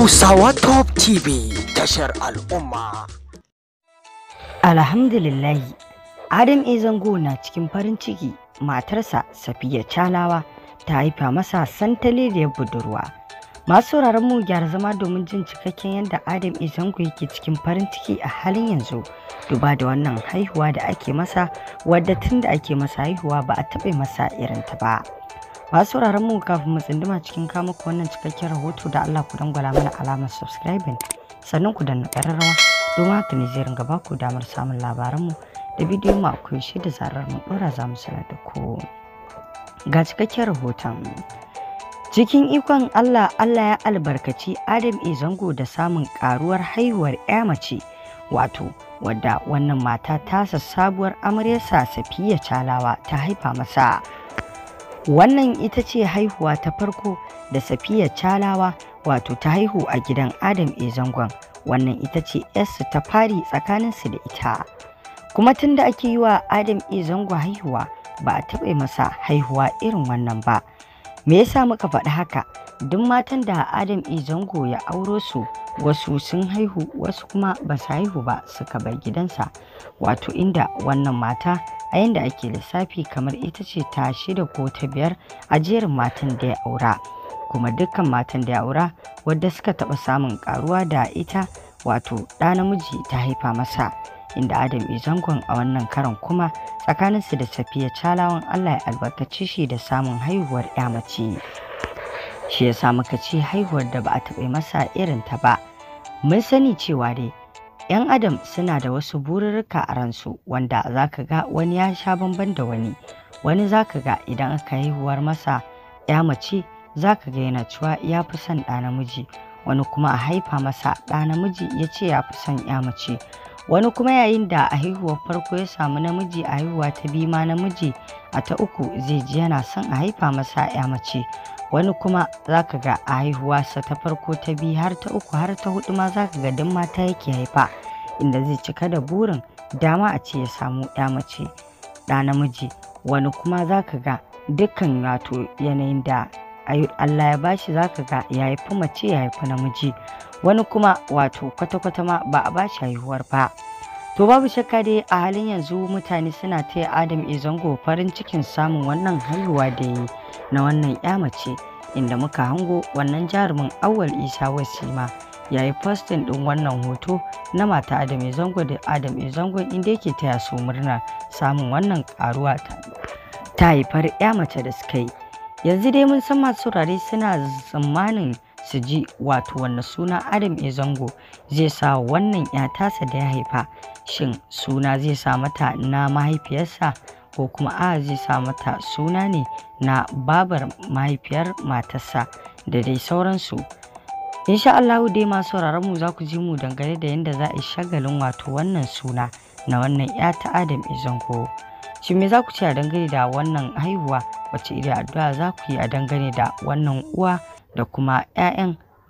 Hausawa Top TV tashar al'umma. Alhamdulillahi, Adam Ezango na cikin farin ciki matarsa Safiya Chalawa ta haifa masa santale da budurwa. Masu wuraren mu gyara zama domin jin cikakken yadda Adam Ezango yake cikin farin ciki a halin yanzu. Duba da wannan haihuwa da ake masa wadda tun da ake masa haihuwa ba a taɓa masa irinta ba. masu wuraren mu kafin mu tsinduma cikin kama ku wannan cikakken rahoto da Allah ku dangwala mana alamar subscribing sannan ku danna ƙararrawa domin haka ne zai ringa baku damar samun labaran mu da bidiyon mu akwai shi da zarar mu dora za mu sanar da ku ga cikakken rahoton cikin ikon Allah Allah ya albarkaci Adam e zango da samun karuwar haihuwar ya mace wato wadda wannan mata ta tasa sabuwar amaryarsa Safiya Chalawa ta haifa masa wannan ita ce haihuwa ta farko da safiya calawa wato ta haihu a gidan adam e zangon wannan ita ce yarsu ta fari tsakaninsu da ita kuma tun da ake yi wa adam e zango haihuwa ba a taɓa masa haihuwa irin wannan ba me yasa muka faɗi haka duk matan da adam e zango ya auro su wasu sun haihu wasu kuma ba su haihu ba suka bar gidansa wato inda wannan mata a yadda ake lissafi kamar ita ce ta shida ko ta biyar ajiyar matan da ya aura kuma dukkan matan da ya aura wadda suka taba samun karuwa da ita wato ɗa namiji ta haifa masa inda adam izangon a wannan karan kuma tsakaninsu da safiya calawan allah ya albarkaci shi da samun haihuwar ya mace shi ya sa muka haihuwar da ba a taɓa masa irin ta ba mun sani cewa dai 'yan adam suna da wasu bururruka a ransu wanda za ka ga wani ya sha bamban da wani wani za ka ga idan aka haihuwar masa ya mace za ka ga yana cewa ya fi son ɗa namiji wani kuma a haifa masa ɗa namiji ya ce ya fi son ya mace wani kuma yayin da a haihuwar farko ya samu namiji a haihuwa ta biyu ma namiji a ta uku zai ji yana son a haifa masa ya mace wani kuma za ka ga a haihuwa sa ta farko ta biyu har ta uku har ta hudu ma za ka ga dan mata yake haifa inda zai cika da burin dama a ce ya samu ya mace ɗa namiji wani kuma za ka ga dukkan wato yanayin da Allah ya bashi za ka ga ya haifi mace ya haifi namiji wani kuma wato kwata-kwata ma ba a bashi haihuwar ba. To babu shakka dai a halin yanzu mutane suna taya Adam Izango farin cikin samun wannan haihuwa da yi na wannan ya mace inda muka hango wannan jarumin awal Isa Wasima ya yi fastin ɗin wannan hoto na mata Adam Izango da Adam Izango inda yake taya su murna samun wannan karuwa ta haifar ya mace da suka yi. Yanzu dai mun san masu saurare suna tsammanin su ji wato wanne suna Adam Izango zai sa wannan ya tasa da ya haifa shin suna zai sa mata na mahaifiyarsa ko kuma a zai sa mata suna ne na babar mahaifiyar matarsa da dai sauransu insha Allahu dai masu mu za ku ji mu dangane da yadda za a yi shagalin wato wannan suna na wannan ya ta adam izango shin me za ku ce a dangane da wannan haihuwa wacce irin addu'a za ku yi a dangane da wannan uwa da kuma 'ya'yan